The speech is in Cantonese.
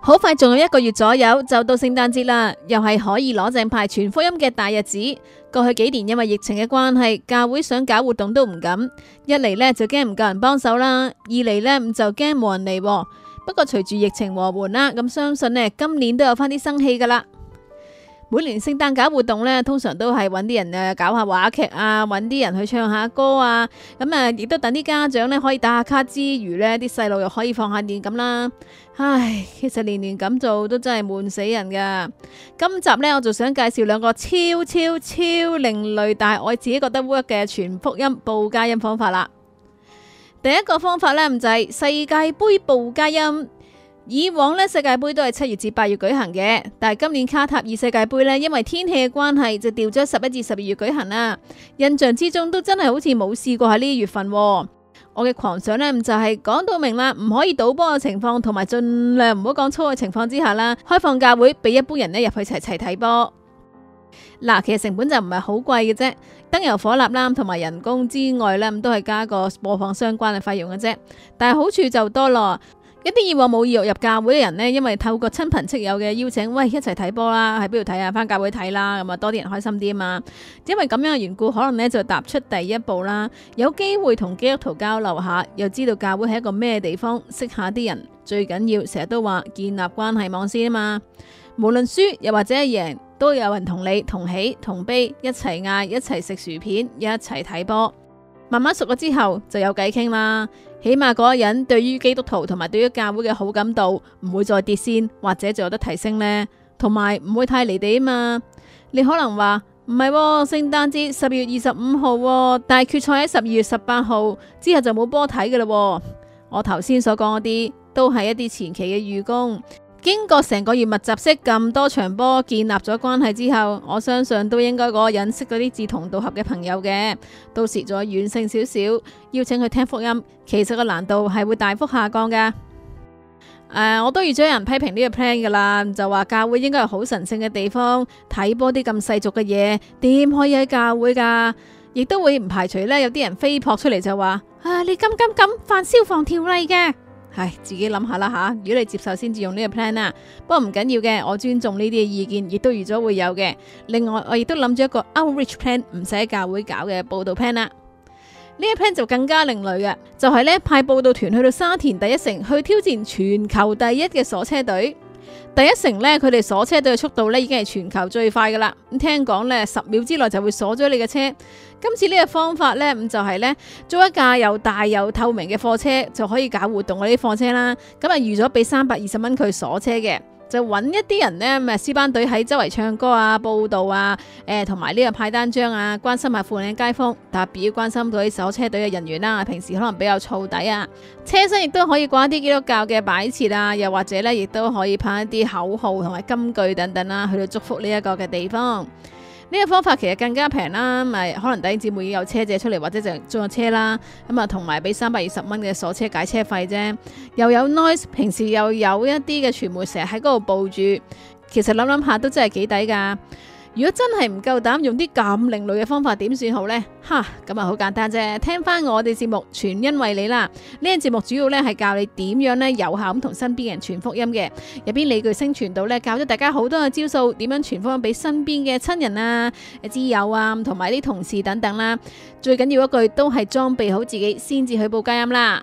好快，仲有一個月左右就到聖誕節啦，又係可以攞正派全福音嘅大日子。過去幾年因為疫情嘅關係，教會想搞活動都唔敢，一嚟咧就驚唔夠人幫手啦，二嚟咧就驚冇人嚟。不過隨住疫情和緩啦，咁相信呢今年都有翻啲生氣噶啦。每年聖誕搞活動咧，通常都係揾啲人誒，搞下話劇啊，揾啲人去唱下歌啊，咁啊亦都等啲家長咧可以打下卡之餘呢，啲細路又可以放下電咁啦。唉，其實年年咁做都真係悶死人噶。今集呢，我就想介紹兩個超超超另類，但係我自己覺得 work 嘅全福音報佳音方法啦。第一個方法呢，就係世界杯報佳音。以往咧世界杯，都係七月至八月舉行嘅，但係今年卡塔爾世界杯咧，因為天氣嘅關係就調咗十一至十二月舉行啦。印象之中都真係好似冇試過喺呢一月份。我嘅狂想呢、就是，就係講到明啦，唔可以賭波嘅情況，同埋盡量唔好講粗嘅情況之下啦，開放教會俾一般人咧入去一齊睇波。嗱，其實成本就唔係好貴嘅啫，燈油火蠟啦，同埋人工之外呢，都係加個播放相關嘅費用嘅啫。但係好處就多咯。一啲以往冇意欲入教會嘅人呢，因為透過親朋戚友嘅邀請，喂，一齊睇波啦，喺邊度睇啊？翻教會睇啦，咁啊，多啲人開心啲啊嘛。因為咁樣嘅緣故，可能呢就踏出第一步啦，有機會同基督徒交流下，又知道教會係一個咩地方，識下啲人，最緊要成日都話建立關係網先啊嘛。無論輸又或者係贏，都有人同你同喜同悲，一齊嗌，一齊食薯片，一齊睇波。慢慢熟咗之後，就有偈傾啦。起碼嗰個人對於基督徒同埋對於教會嘅好感度唔會再跌先，或者就有得提升呢，同埋唔會太離地啊嘛。你可能話唔係聖誕節十二月二十五號，大決賽喺十二月十八號之後就冇波睇嘅啦。我頭先所講嗰啲都係一啲前期嘅預工。經過成個月密集式咁多場波建立咗關係之後，我相信都應該嗰個認識嗰啲志同道合嘅朋友嘅，到時再遠勝少少邀請佢聽福音，其實個難度係會大幅下降嘅。誒、呃，我都預咗有人批評呢個 plan 噶啦，就話教會應該係好神聖嘅地方，睇波啲咁世俗嘅嘢，點可以喺教會噶？亦都會唔排除咧，有啲人飛撲出嚟就話：啊，你咁咁咁犯消防條例嘅！係自己諗下啦吓，如果你接受先至用呢個 plan 啦。不過唔緊要嘅，我尊重呢啲嘅意見，亦都預咗會有嘅。另外，我亦都諗咗一個 outreach plan，唔使喺教會搞嘅報道 plan 啦。呢一個 plan 就更加另類嘅，就係、是、咧派報道團去到沙田第一城，去挑戰全球第一嘅鎖車隊。第一城咧，佢哋鎖車隊嘅速度咧，已經係全球最快噶啦。咁聽講咧，十秒之內就會鎖咗你嘅車。今次呢個方法咧、就是，咁就係咧租一架又大又透明嘅貨車，就可以搞活動嗰啲貨車啦。咁啊預咗俾三百二十蚊佢鎖車嘅。就揾一啲人呢，咪私班隊喺周圍唱歌啊、報道啊，誒、呃，同埋呢個派單張啊，關心下附近街坊，特別關心到啲手車隊嘅人員啦、啊。平時可能比較燥底啊，車身亦都可以掛一啲基督教嘅擺設啊，又或者呢，亦都可以派一啲口號同埋金句等等啦、啊，去到祝福呢一個嘅地方。呢個方法其實更加平啦，咁可能弟兄姊妹有車借出嚟，或者就租架車啦，咁啊同埋俾三百二十蚊嘅鎖車解車費啫，又有 noise，平時又有一啲嘅傳媒成日喺嗰度泊住，其實諗諗下都真係幾抵㗎。如果真係唔夠膽用啲咁另類嘅方法，點算好咧？哈，咁啊好簡單啫，聽翻我哋節目全因為你啦。呢個節目主要咧係教你點樣咧有效咁同身邊人傳福音嘅，入邊理據聲傳到咧教咗大家好多嘅招數，點樣傳福音俾身邊嘅親人啊、誒、摯友啊，同埋啲同事等等啦。最緊要一句都係裝備好自己先至去報佳音啦。